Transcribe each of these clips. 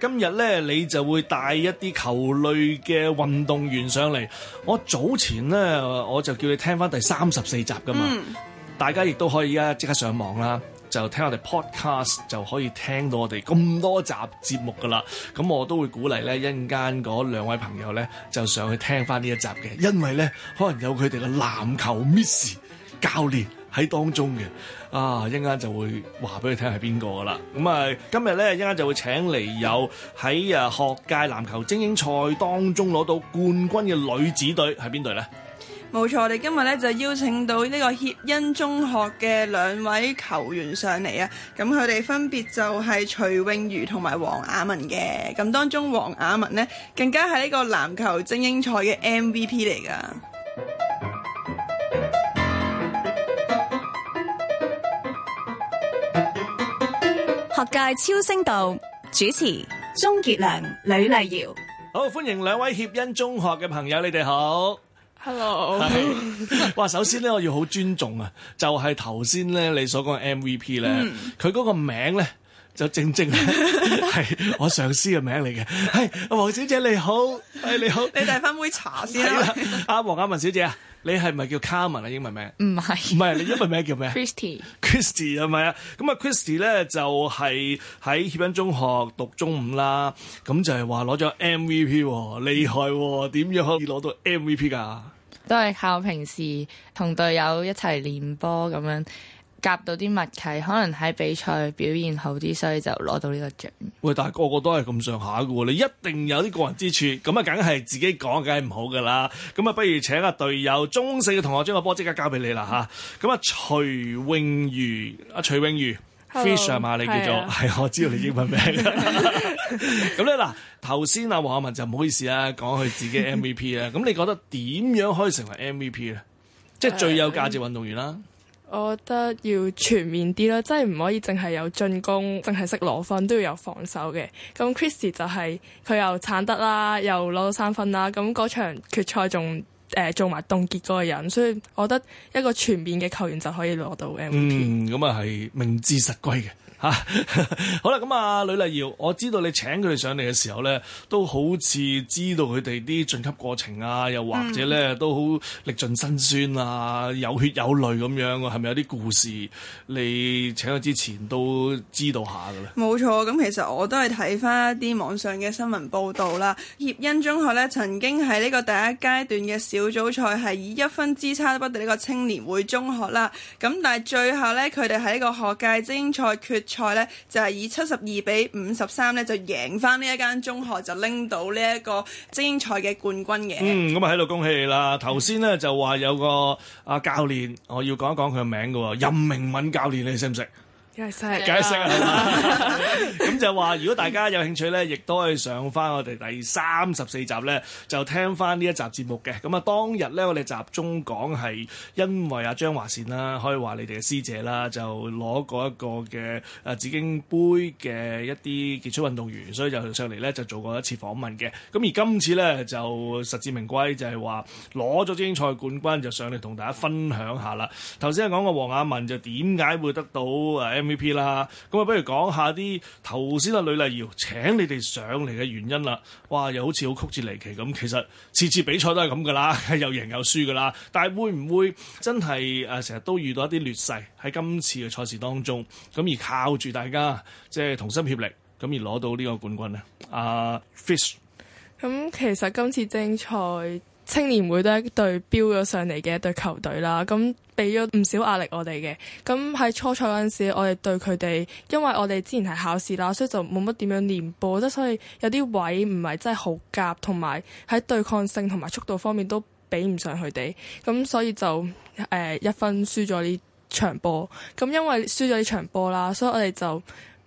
今日咧，你就會帶一啲球類嘅運動員上嚟。我早前咧，我就叫你聽翻第三十四集噶嘛，嗯、大家亦都可以啊，即刻上網啦，就聽我哋 podcast 就可以聽到我哋咁多集節目噶啦。咁我都會鼓勵咧，一陣間嗰兩位朋友咧就上去聽翻呢一集嘅，因為咧可能有佢哋嘅籃球 miss 教練。喺當中嘅，啊一陣間就會話俾你聽係邊個啦。咁啊，今日咧一陣間就會請嚟有喺啊學界籃球精英賽當中攞到冠軍嘅女子隊係邊隊呢？冇錯，我哋今日咧就邀請到呢個協恩中學嘅兩位球員上嚟啊。咁佢哋分別就係徐穎榆同埋黃雅雯嘅。咁當中黃雅雯呢，更加係呢個籃球精英賽嘅 MVP 嚟㗎。學界超聲道主持鍾傑良、呂麗瑤，好歡迎兩位協恩中學嘅朋友，你哋好，Hello，哇， 首先咧我要好尊重啊，就係頭先咧你所講嘅 MVP 咧，佢嗰個名咧。就正正係我上司嘅名嚟嘅，係、哎、黃小姐你好，係、哎、你好， 你帶翻杯茶先，阿黃雅雯小姐啊，你係咪叫 Carmen 啊？英文名唔係，唔係是，你英文名叫咩？Christy，Christy 係咪啊？咁啊，Christy 咧就係喺協恩中學讀中五啦。咁就係話攞咗 MVP，厲害，哦，點樣可以攞到 MVP 噶？都係靠平時同隊友一齊練波咁樣。夾到啲默契，可能喺比賽表現好啲，所以就攞到呢個獎。喂，但係個個都係咁上下嘅，你一定有啲個人之處，咁啊梗係自己講梗係唔好噶啦。咁啊，不如請阿隊友中四嘅同學將個波即刻交俾你啦吓。咁啊,啊，徐穎榆，阿徐穎榆，Fish, Hello, Fish, 係嘛你叫做係、啊啊，我知道你英文名。咁咧嗱，頭先阿黃雅雯就唔好意思啦，講佢自己 MVP 啊。咁你覺得點樣可以成為 MVP 咧？ 即係最有價值運動員啦。 我覺得要全面啲咯，即係唔可以淨係有進攻，淨係識攞分，都要有防守嘅。咁 Chrissy 就係、是、佢又撐得啦，又攞到三分啦。咁嗰場決賽仲誒、呃、做埋凍結嗰個人，所以我覺得一個全面嘅球員就可以攞到 MVP。咁啊、嗯，係名至實歸嘅。好啦，咁啊，呂麗瑤，我知道你請佢哋上嚟嘅時候咧，都好似知道佢哋啲晉級過程啊，又或者咧都好歷盡辛酸啊，有血有淚咁樣，係咪有啲故事？你請佢之前都知道下噶咧？冇錯，咁其實我都係睇翻一啲網上嘅新聞報道啦。協恩中學咧曾經喺呢個第一階段嘅小組賽係以一分之差不敵呢個青年會中學啦。咁但係最後咧，佢哋喺呢個學界精英賽決賽咧就係，是，以七十二比五十三咧就贏翻呢一間中學，就拎到呢一個精英賽嘅冠軍嘅。嗯，咁啊喺度恭喜你啦！頭先咧就話有個阿、啊、教練，我要講一講佢嘅名㗎，任明敏教練，你識唔識？解釋解釋，咁釋 就話如果大家有興趣咧，亦都可以上翻我哋第三十四集咧，就聽翻呢一集節目嘅。咁啊，當日咧，我哋集中講係因為阿張華善啦，可以話你哋嘅師姐啦，就攞過一個嘅誒紫荊杯嘅一啲傑出運動員，所以就上嚟咧就做過一次訪問嘅。咁而今次咧就實至名歸，就係話攞咗精英賽冠軍就上嚟同大家分享下啦。頭先講過黃雅雯就點解會得到誒？P 啦，咁啊，不如講下啲頭先啊，呂麗瑤請你哋上嚟嘅原因啦。哇，又好似好曲折離奇咁，其實次次比賽都係咁噶啦，又贏又輸噶啦。但係會唔會真係誒，啊，成日都遇到一啲劣勢喺今次嘅賽事當中，咁而靠住大家即係同心協力，咁而攞到呢個冠軍咧？啊，阿 Fish，咁其實今次精英賽。青年會都係一隊飆咗上嚟嘅一隊球隊啦，咁俾咗唔少壓力我哋嘅。咁喺初賽嗰陣時，我哋對佢哋，因為我哋之前係考試啦，所以就冇乜點樣練波，即所以有啲位唔係真係好夾，同埋喺對抗性同埋速度方面都比唔上佢哋，咁所以就誒、呃、一分輸咗呢場波。咁因為輸咗呢場波啦，所以我哋就。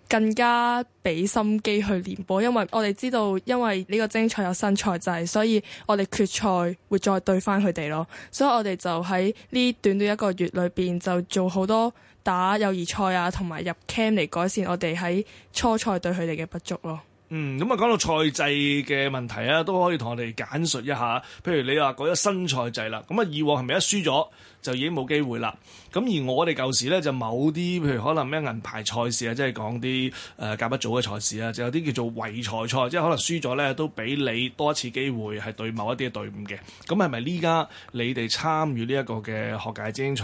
更加俾心機去練波，因為我哋知道，因為呢個精英賽有新賽制，所以我哋決賽會再對翻佢哋咯。所以我哋就喺呢短短一個月裏邊，就做好多打友誼賽啊，同埋入 camp 嚟改善我哋喺初賽對佢哋嘅不足咯。嗯，咁啊，講到賽制嘅問題啊，都可以同我哋簡述一下。譬如你話嗰個新賽制啦，咁啊以往係咪一輸咗就已經冇機會啦？咁而我哋舊時咧就某啲，譬如可能咩銀牌賽事啊，即係講啲誒甲一組嘅賽事啊，就有啲叫做遺材賽，即係可能輸咗咧都俾你多一次機會係對某一啲嘅隊伍嘅。咁係咪呢家你哋參與呢一個嘅學界精英賽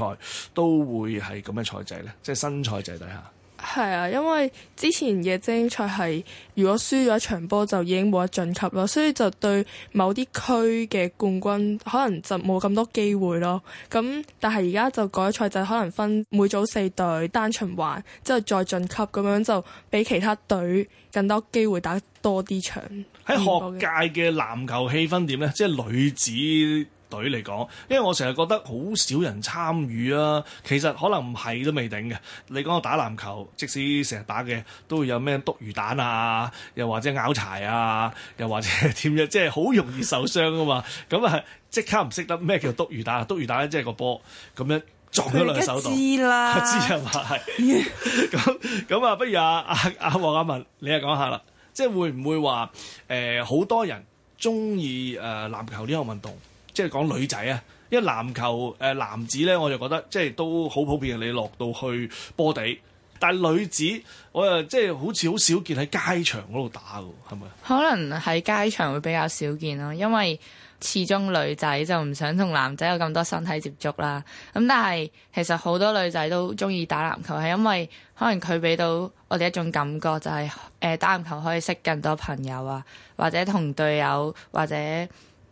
都會係咁嘅賽制咧？即係新賽制底下。係啊，因為之前嘅精英賽係如果輸咗一場波就已經冇得晉級咯，所以就對某啲區嘅冠軍可能就冇咁多機會咯。咁但係而家就改賽就可能分每組四隊單循環，之後再晉級咁樣就俾其他隊更多機會打多啲場。喺學界嘅籃球氣氛點呢？即係女子。隊嚟講，因為我成日覺得好少人參與啊。其實可能唔係都未定嘅。你講我打籃球，即使成日打嘅，都會有咩篤魚蛋啊，又或者拗柴啊，又或者點樣 即係好容易受傷啊嘛。咁 啊，即刻唔識得咩叫篤魚蛋啊？篤魚蛋即係個波咁樣撞咗兩手度。知啦，知係嘛係咁咁啊？不如阿阿阿黃阿雯，你又講下啦，即係會唔會話誒好多人中意誒籃球呢項運動？即係講女仔啊，因為籃球誒、呃、男子呢，我就覺得即係都好普遍嘅，你落到去波地，但係女子，我又即係好似好少見喺街場嗰度打喎，係咪？可能喺街場會比較少見咯，因為始終女仔就唔想同男仔有咁多身體接觸啦。咁但係其實好多女仔都中意打籃球，係因為可能佢俾到我哋一種感覺，就係，就係誒打籃球可以識更多朋友啊，或者同隊友或者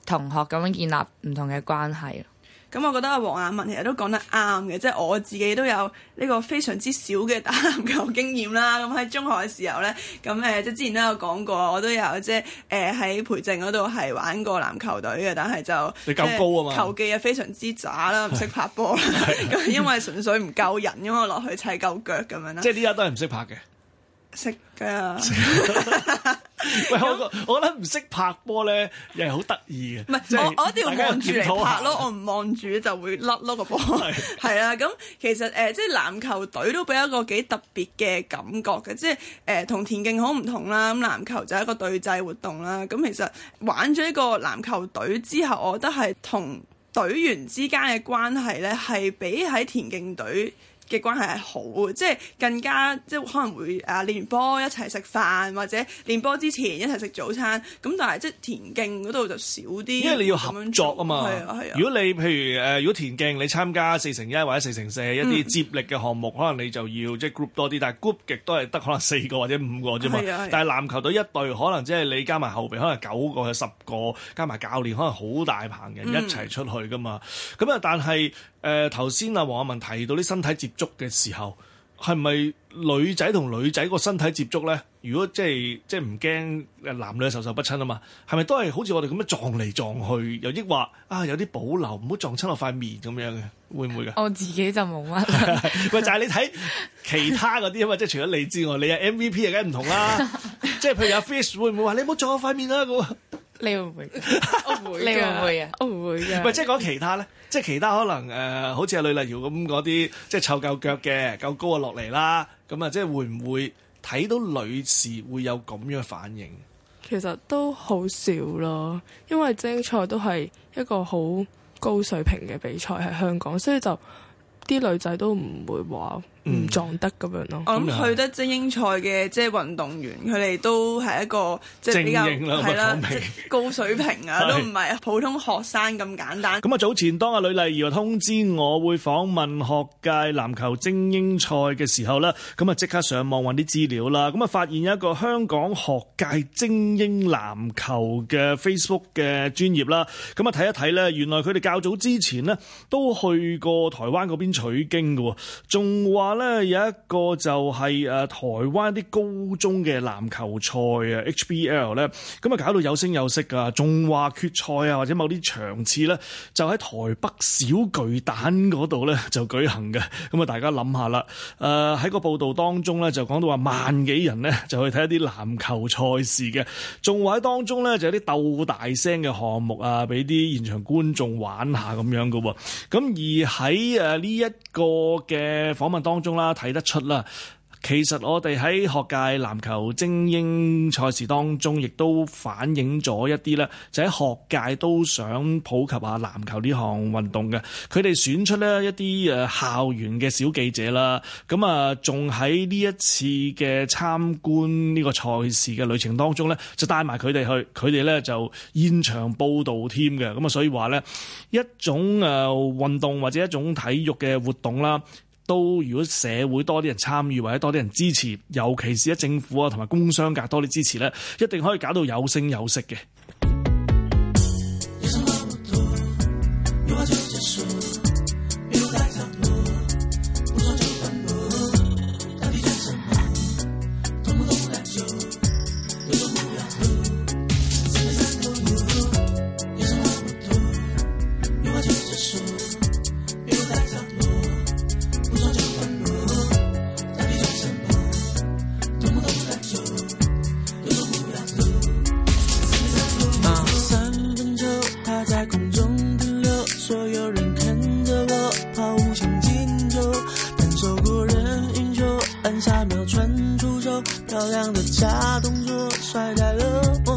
同學咁樣建立唔同嘅關係咯。咁我覺得阿黃雅雯其實都講得啱嘅，即係我自己都有呢個非常之少嘅打籃球經驗啦。咁喺中學嘅時候呢，咁誒即之前都有講過，我都有即係誒喺培正嗰度係玩過籃球隊嘅，但係就你夠高啊嘛，球技又非常之渣啦，唔識拍波啦。咁是 因為純粹唔夠人，因為落去砌夠腳咁樣啦。即係呢家都係唔識拍嘅，識㗎的。 喂，我、嗯、我覺得唔識拍波咧，又係好得意嘅。唔係，就是，我一我一定要望住嚟拍咯，我唔望住就會甩咯個波。係啊 的，咁 其實誒、呃，即係籃球隊都俾一個幾特別嘅感覺嘅，即係誒同田徑好唔同啦。咁籃球就係一個對際活動啦。咁其實玩咗一個籃球隊之後，我覺得係同隊員之間嘅關係咧，係比喺田徑隊，嘅關係係好，即係更加即係可能會誒、啊、練波一齊食飯，或者練波之前一齊食早餐。咁但係即係田徑嗰度就少啲，因為你要合作啊嘛。係啊係啊！如果你譬如誒、呃，如果田徑你參加四乘一或者四乘四一啲接力嘅項目，嗯、可能你就要即係 group 多啲，但係 group 極都係得可能四個或者五個啫嘛。但係籃球隊一隊可能即係你加埋後備，可能九個、十個加埋教練，可能好大棚人一齊出去噶嘛。咁啊、嗯，但係誒頭先阿黃雅雯提到啲身體接足嘅時候係咪女仔同女仔個身體接觸咧？如果即係即係唔驚男女授受不親啊嘛，係咪都係好似我哋咁樣撞嚟撞去？又抑或啊，有啲保留唔好撞親我塊面咁樣嘅，會唔會嘅？我自己就冇乜喂，就係你睇其他嗰啲啊嘛，即係除咗你之外，你係 MVP 又梗係唔同啦。即係譬如阿 Fish 會唔會話你唔好撞我塊面啊咁？你唔會， 我唔會 你你唔會啊？我唔會嘅。唔係即係講其他咧，即係其他可能誒、呃，好似阿呂麗瑤咁嗰啲，即係湊夠腳嘅，夠高啊落嚟啦。咁啊，即係會唔會睇到女士會有咁樣反應？其實都好少咯，因為精英賽都係一個好高水平嘅比賽，喺香港，所以就啲女仔都唔會話，唔撞得咁樣咯。我諗去得精英賽嘅即係運動員，佢哋都係一個即係比較係啦，高水平啊，都唔係普通學生咁簡單。咁啊，早前當阿呂麗瑤通知我會訪問學界籃球精英賽嘅時候咧，咁啊即刻上網揾啲資料啦。咁啊發現有一個香港學界精英籃球嘅 Facebook 嘅專頁啦。咁啊睇一睇咧，原來佢哋較早之前咧都去過台灣嗰邊取經嘅喎，仲話，咧有一個就係誒台灣啲高中嘅籃球賽啊，HBL 咧，咁啊搞到有聲有色啊，仲話決賽啊或者某啲場次咧就喺台北小巨蛋度咧就舉行嘅，咁啊大家諗下啦，誒喺個報道當中咧就講到話萬幾人咧就去睇一啲籃球賽事嘅，仲話喺當中咧就有啲鬥大聲嘅項目啊，俾啲現場觀眾玩下咁樣嘅喎，咁而喺誒呢一個嘅訪問當中。啦睇得出啦，其實我哋喺學界籃球精英賽事當中，亦都反映咗一啲啦，就喺學界都想普及下籃球呢項運動嘅。佢哋選出呢一啲誒校園嘅小記者啦，咁啊仲喺呢一次嘅參觀呢個賽事嘅旅程當中咧，就帶埋佢哋去，佢哋咧就現場報道添嘅。咁啊，所以話咧一種誒運動或者一種體育嘅活動啦。都如果社會多啲人參與，或者多啲人支持，尤其是咧政府啊同埋工商界多啲支持咧，一定可以搞到有聲有色嘅。漂亮的假動作，帥呆了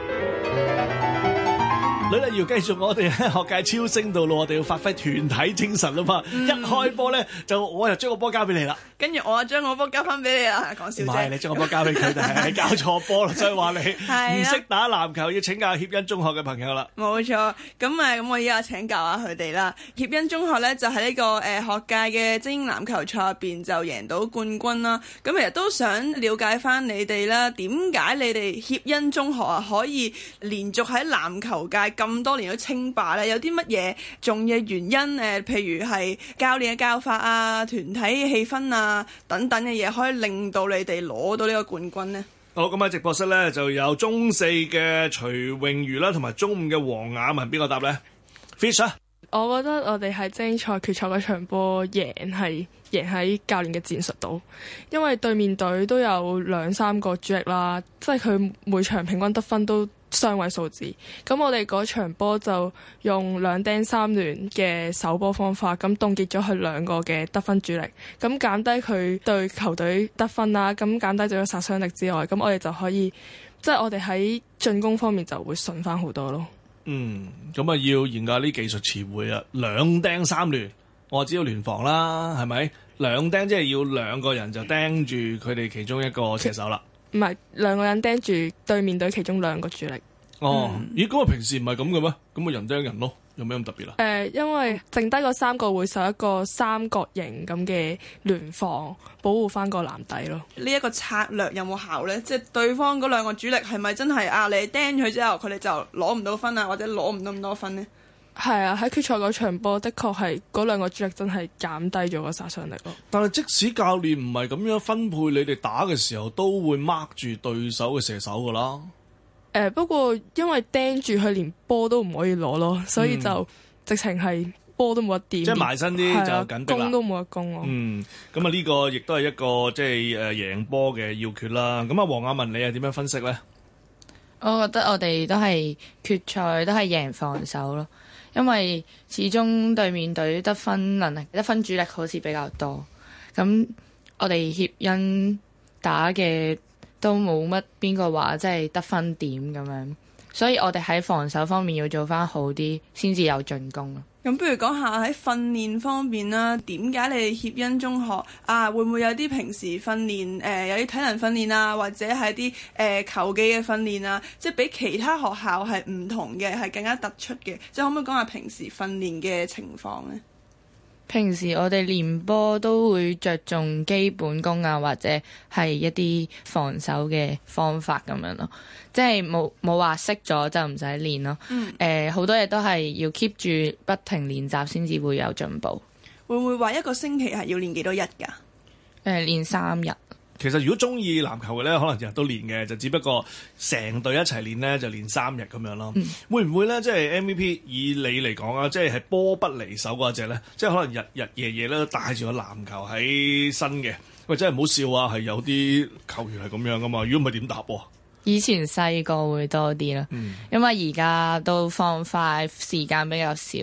女咧要繼續我哋咧學界超升道路，我哋要發揮團體精神啦嘛！嗯、一開波呢，就我就將個波交俾你啦，跟住我又將個波交翻俾你啦。講笑啫，唔係你將個波交俾佢哋， 你搞錯波 所以話你唔識打籃球 要請教協恩中學嘅朋友啦。冇錯，咁啊咁我依家請教下佢哋啦。協恩中學呢，就喺呢個誒學界嘅精英籃球賽入邊就贏到冠軍啦。咁其實都想了解翻你哋啦，點解你哋協恩中學啊可以連續喺籃球界？咁多年都稱霸咧，有啲乜嘢重要原因？誒，譬如係教練嘅教法啊、團體氣氛啊等等嘅嘢，可以令到你哋攞到呢個冠軍呢。好，咁喺直播室呢，就有中四嘅徐穎榆啦，同埋中五嘅黃雅雯，邊個答呢？Fish，uh 我覺得我哋係精英賽決賽嗰場波贏，係贏喺教練嘅戰術度，因為對面隊都有兩三個主力啦，即係佢每場平均得分都。雙位數字，咁我哋嗰場波就用兩釘三聯嘅首波方法，咁凍結咗佢兩個嘅得分主力，咁減低佢對球隊得分啦，咁減低咗殺傷力之外，咁我哋就可以，即係我哋喺進攻方面就會順翻好多咯。嗯，咁啊要研究啲技術詞彙啊，兩釘三聯，我只要聯防啦，係咪兩釘即係要兩個人就釘住佢哋其中一個射手啦？唔係兩個人盯住對面隊其中兩個主力。哦，嗯、咦，咁、那、啊、個、平時唔係咁嘅咩？咁咪人盯人咯，有咩咁特別啊？誒、呃，因為剩低嗰三個會受一個三角形咁嘅聯防保護翻個籃底咯。呢一個策略有冇效呢？即、就、係、是、對方嗰兩個主力係咪真係啊？你盯佢之後，佢哋就攞唔到分啊，或者攞唔到咁多分呢、啊？係啊，喺決賽嗰場波的確係嗰兩個主力真係減低咗個殺傷力咯。但係即使教練唔係咁樣分配，你哋打嘅時候都會 mark 住對手嘅射手噶啦。誒、欸，不過因為釘住佢，連波都唔可以攞咯，所以就直情係波都冇得掂，嗯、對即係埋身啲就緊攻都冇得攻咯、啊。嗯，咁啊，呢個亦都係一個即係誒贏波嘅要訣啦。咁啊，黃雅雯，你又點樣分析咧？我覺得我哋都係決賽都係贏防守咯。因為始終對面隊得分能力得分主力好似比較多，咁我哋協恩打嘅都冇乜邊個話即係得分點咁樣，所以我哋喺防守方面要做返好啲，先至有進攻。咁不如講下喺訓練方面啦，點解你哋協恩中學啊，會唔會有啲平時訓練誒、呃，有啲體能訓練啊，或者係啲誒球技嘅訓練啊，即係比其他學校係唔同嘅，係更加突出嘅，即係可唔可以講下平時訓練嘅情況咧？平時我哋練波都會着重基本功啊，或者係一啲防守嘅方法咁樣咯、啊。即係冇冇話識咗就唔使練咯、啊。誒、嗯，呃、好多嘢都係要 keep 住不停練習先至會有進步。會唔會話一個星期係要練幾多日㗎？誒、呃，練三日。其實如果中意籃球嘅咧，可能日日都練嘅，就只不過成隊一齊練呢，就練三日咁樣咯。嗯、會唔會咧？即係 MVP 以你嚟講啊，即係係波不離手嗰隻咧，即係可能日日夜夜咧都帶住個籃球喺身嘅。喂，真係唔好笑啊！係有啲球員係咁樣㗎嘛？如果唔係點答、啊？以前細個會多啲啦，嗯、因為而家都 Form 5時間比較少，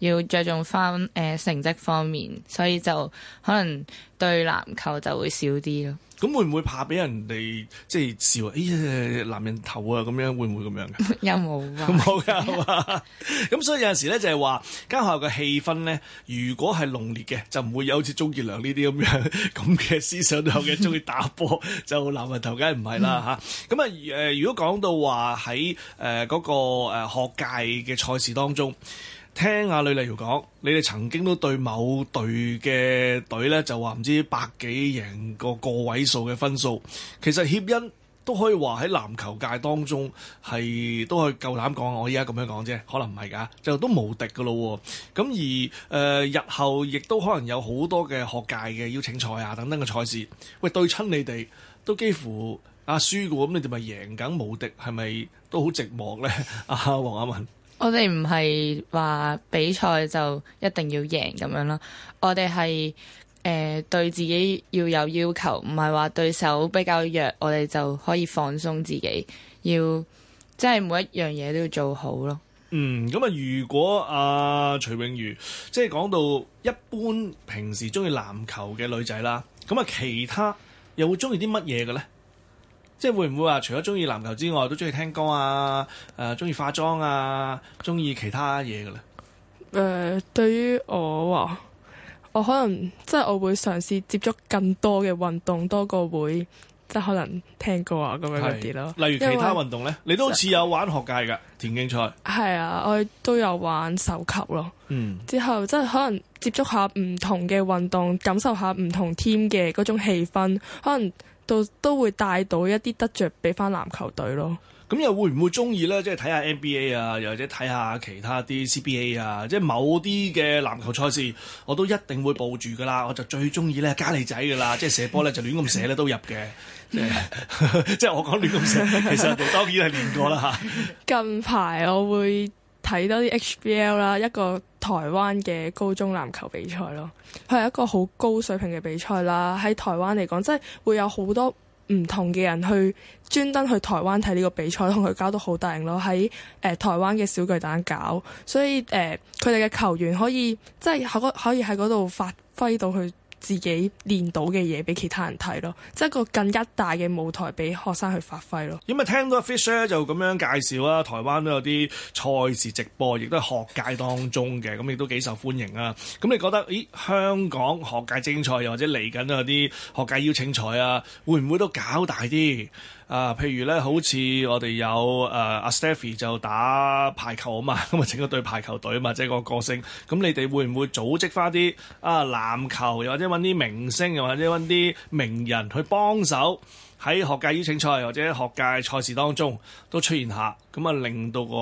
要着重返誒、呃、成績方面，所以就可能，對籃球就會少啲咯，咁會唔會怕俾人哋即係笑？哎呀，男人頭啊，咁樣會唔會咁樣嘅？ 又冇啊，冇噶嘛。咁所以有陣時咧，就係話間學校嘅氣氛咧，如果係濃烈嘅，就唔會有好似鍾傑良呢啲咁樣咁嘅思想，有嘅中意打波， 就男人頭梗係唔係啦吓。咁啊，誒，如果講到話喺誒嗰個誒學界嘅賽事當中。聽阿呂麗瑤講，你哋曾經都對某隊嘅隊咧，就話唔知百幾贏個個位數嘅分數。其實協恩都可以話喺籃球界當中係都係夠膽講，我依家咁樣講啫，可能唔係㗎，就都無敵㗎咯，哦。咁而誒、呃，日後亦都可能有好多嘅學界嘅邀請賽啊，等等嘅賽事。喂，對親你哋都幾乎阿、啊、輸嘅喎，咁你哋咪贏緊無敵，係咪都好寂寞咧？阿、啊、黃雅雯。我哋唔係話比賽就一定要贏咁樣咯，我哋係誒，對自己要有要求，唔係話對手比較弱，我哋就可以放鬆自己，要即係每一樣嘢都要做好咯。嗯，咁啊，如果阿、呃、徐穎榆即係講到一般平時中意籃球嘅女仔啦，咁啊其他又會中意啲乜嘢嘅呢？即係會唔會話除咗中意籃球之外，都中意聽歌啊？誒、呃，中意化妝啊？中意其他嘢嘅咧？誒、呃，對於我，我可能即係、就是、我會嘗試接觸更多嘅運動，多過會即係、就是、可能聽歌啊咁樣啲咯。例如其他運動咧，你都好似有玩學界噶其實田徑賽。係啊，我都有玩手球咯。嗯，之後即係、就是、可能接觸下唔同嘅運動，感受下唔同 team 嘅嗰種氣氛，可能。都都會帶到一啲得着俾翻籃球隊咯。咁又會唔會中意咧？即係睇下 NBA 啊，又或者睇下其他啲 CBA 啊，即係某啲嘅籃球賽事，我都一定會抱住噶啦。我就最中意咧加利仔噶啦，即係射波咧就亂咁射咧都入嘅。即係我講亂咁射，其實當然係練過啦吓。 近排我會。睇多啲 HBL 啦，BL，一個台灣嘅高中籃球比賽咯，佢係一個好高水平嘅比賽啦。喺台灣嚟講，即係會有好多唔同嘅人去專登去台灣睇呢個比賽，同佢搞到好大型咯。喺誒、呃、台灣嘅小巨蛋搞，所以誒佢哋嘅球員可以即係喺可以喺嗰度發揮到去自己練到嘅嘢俾其他人睇咯，即係個更加大嘅舞台俾學生去發揮咯。咁啊，聽到 Fisher 就咁樣介紹啦，台灣都有啲賽事直播，亦都係學界當中嘅，咁亦都幾受歡迎啊。咁你覺得，咦？香港學界精英賽，又或者嚟緊有啲學界邀請賽啊，會唔會都搞大啲？啊，譬如咧，好似我哋有誒阿 Stephy 就打排球啊嘛，咁啊 整個隊排球隊啊嘛，即係個個星。咁你哋會唔會組織翻啲啊籃球，又或者揾啲明星，又或者揾啲名人去幫手喺學界邀請賽或者學界賽事當中都出現下，咁啊令到個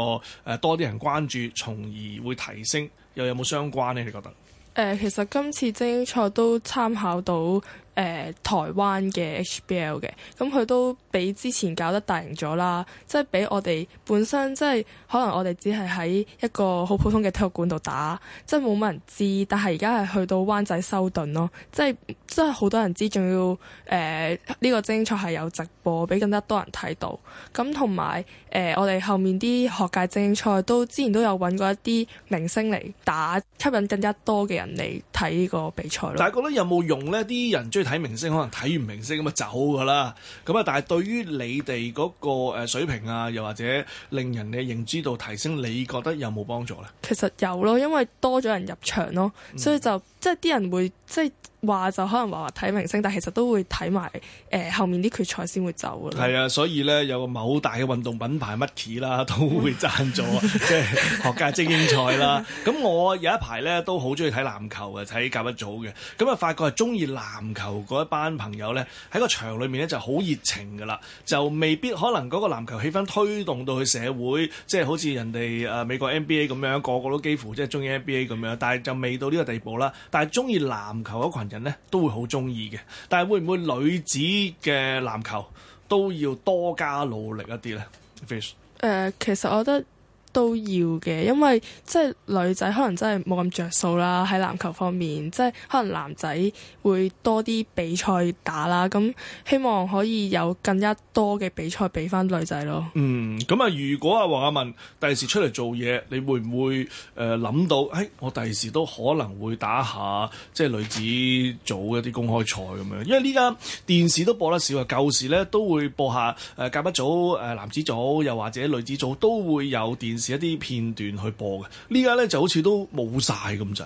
誒多啲人關注，從而會提升，又有冇相關呢？你覺得？誒，其實今次精英賽都參考到。誒、呃、台灣嘅 HBL 嘅，咁、嗯、佢都比之前搞得大型咗啦，即係比我哋本身，即係可能我哋只係喺一個好普通嘅體育館度打，即係冇乜人知，但係而家係去到灣仔修頓咯，即係即係好多人知，仲要誒呢、呃，這個精英賽係有直播，俾更加多人睇到，咁同埋誒我哋後面啲學界精英賽都之前都有揾過一啲明星嚟打，吸引更加多嘅人嚟睇呢個比賽，咯。但係覺得有冇用咧？啲人睇明星可能睇完明星咁啊走噶啦，咁啊但係對於你哋嗰個誒水平啊，又或者令人嘅認知度提升，你覺得有冇幫助咧？其實有咯，因為多咗人入場咯，所以就、嗯、即係啲人會即係。話就可能話話睇明星，但係其實都會睇埋誒後面啲決賽先會走嘅。係啊，所以咧有個某大嘅運動品牌 Micky 啦，y，都會贊助啊，即係 學界精英賽啦。咁 我有一排咧都好鍾意睇籃球嘅，睇甲一組嘅。咁啊發覺係鍾意籃球嗰一班朋友咧，喺個場裏面咧就好熱情㗎啦，就未必可能嗰個籃球氣氛推動到去社會，即、就、係、是、好似人哋啊、呃、美國 NBA 咁樣，個個都幾乎即係鍾意 NBA 咁樣。但係就未到呢個地步啦。但係鍾意籃球嗰羣。人咧都會好中意嘅，但係會唔會女子嘅籃球都要多加努力一啲咧？Fish，誒，其實我覺得。都要嘅，因為即係女仔可能真係冇咁着數啦，喺籃球方面，即係可能男仔會多啲比賽打啦。咁希望可以有更加多嘅比賽俾翻女仔咯，嗯。嗯，咁啊，如果阿黃阿文第時出嚟做嘢，你會唔會誒諗、呃、到？誒我第時都可能會打下即係女子組一啲公開賽咁樣，因為呢家電視都播得少啊。舊時咧都會播下誒甲、呃、一組誒、呃、男子組，又或者女子組都會有電視。一啲片段去播嘅，呢家咧就好似都冇晒咁滯，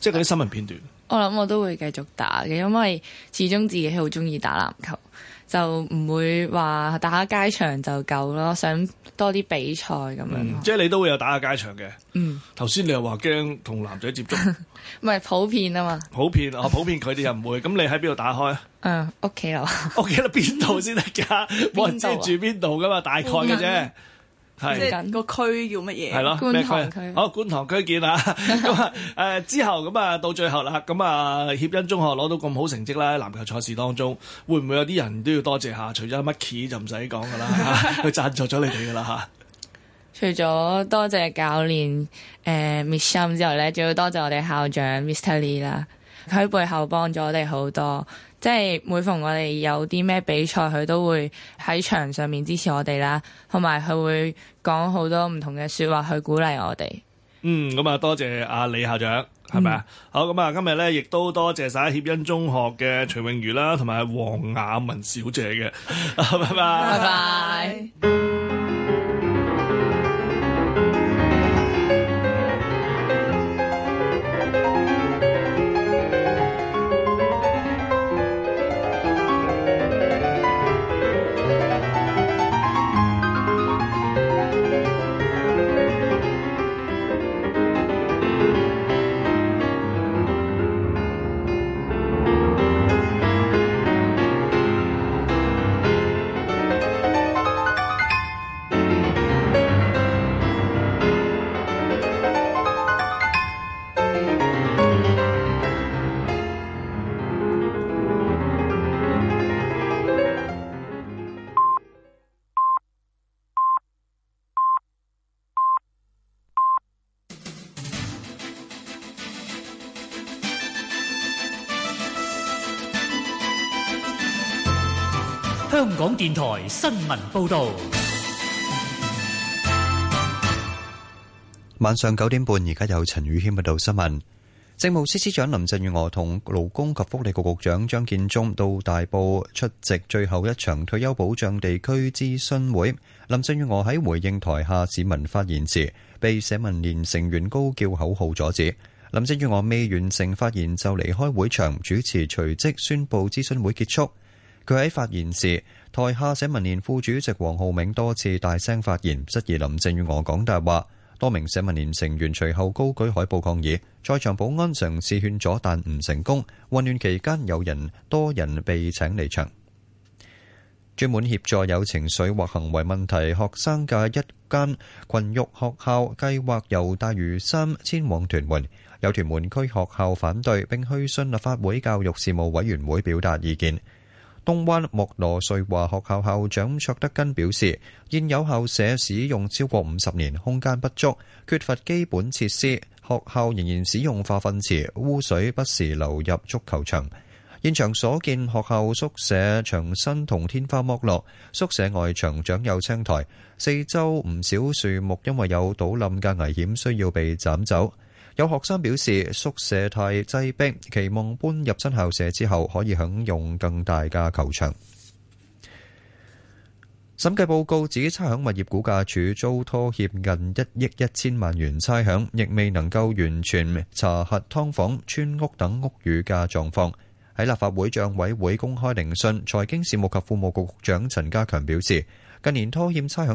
即係嗰啲新聞片段。我諗我都會繼續打嘅，因為始終自己好中意打籃球，就唔會話打下街場就夠咯，想多啲比賽咁樣。即係你都會有打下街場嘅。嗯。頭先你又話驚同男仔接觸，唔係普遍啊嘛？普遍啊，普遍佢哋又唔會。咁你喺邊度打開啊？嗯，屋企樓。屋企樓邊度先得噶？冇人知住邊度噶嘛？大概嘅啫。係，是即係是個區叫乜嘢？係咯的，觀塘區。好，哦、觀塘區見啊！咁、 嗯、啊，誒，之後咁啊、嗯，到最後啦，咁、嗯、啊，協恩中學攞到咁好成績啦！籃球賽事當中，會唔會有啲人都要多謝下？除咗 Micky 就唔使講噶啦，佢贊、 啊、助咗你哋噶啦吓。啊、 除咗多謝教練誒，Miss Sham 之後咧，仲要多謝我哋校長 Mr Lee 啦，佢喺背後幫咗我哋好多。即係每逢我哋有啲咩比賽，佢都會喺場上面支持我哋啦，同埋佢會講好多唔同嘅説話去鼓勵我哋。嗯，咁啊，多謝阿李校長，係咪啊？好，咁啊今日咧，亦都多謝晒協恩中學嘅徐穎榆啦，同埋黃雅雯小姐嘅。拜拜，拜拜。電台新聞報道，晚上九點半，而家有陳宇謙報道新聞。政務司司長林鄭月娥同勞工及福利局局長張建宗到大埔出席最後一場退休保障地區諮詢會。林鄭月娥喺回應台下市民發言時，被社民連成員高叫口號阻止。林鄭月娥未完成發言就離開會場，主持隨即宣布諮詢會結束。佢喺發言時。台下社民連副主席黃浩銘多次大聲發言，質疑林鄭月娥講大話。多名社民連成員隨後高舉海報抗議，在場保安嘗試勸阻，但唔成功。混亂期間，有人多人被請離場。專門協助有情緒或行為問題學生嘅一間群育學校計劃由大嶼山遷往屯門，有屯門區學校反對，並去信立法會教育事務委員會表達意見。東灣木羅瑞華學校校長卓德根表示,現有校舍使用超過五十年,空間不足,缺乏基本設施,學校仍然使用化糞池,污水不時流入足球場。現場所見,學校宿舍牆身同天花剝落,宿舍外牆長有青苔,四周唔少樹木因為有倒冧嘅危險需要被斬走。有學生表示宿舍太擠迫，期望搬入新校舍之後可以享用更大嘅球場。審計報告指差餉物業估價儲租拖欠近一億一千萬元，差餉亦未能夠完全查核劏房、村屋等屋宇嘅狀況。喺立法會帳委會公開聆訊，財經事務及庫務局局長陳家強表示，近年拖欠差餉。